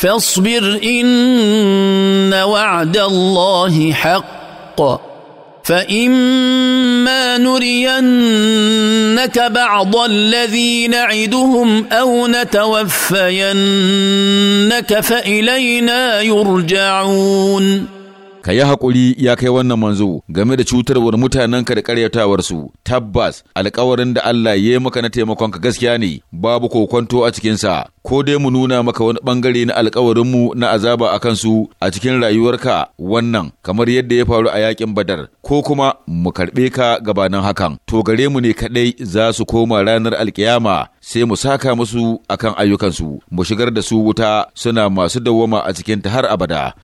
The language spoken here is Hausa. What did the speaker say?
فاصبر ان وعد الله حق فاما نرينك بعض الذي نعدهم او نتوفينك فالينا يرجعون ka yi haƙuri ya kai wannan manzo game da cutarwar mutanenka da ƙaryatawarsu tabbas alkawarin da Allah ya yi maka na taimakon ka gaskiya ne babu kokonto a cikinsa ko dai mu nuna maka wani bangare na alkawarinmu na azaba a kansu a cikin rayuwarka wannan kamar yadda ya faru a yakin badar ko kuma mu karɓe ka gabanin hakan to gare mu ne kaɗai za su koma ranar alkiyama sai mu saka musu akan ayyukansu mu shigar da su wuta suna masu dawwama a cikinta har abada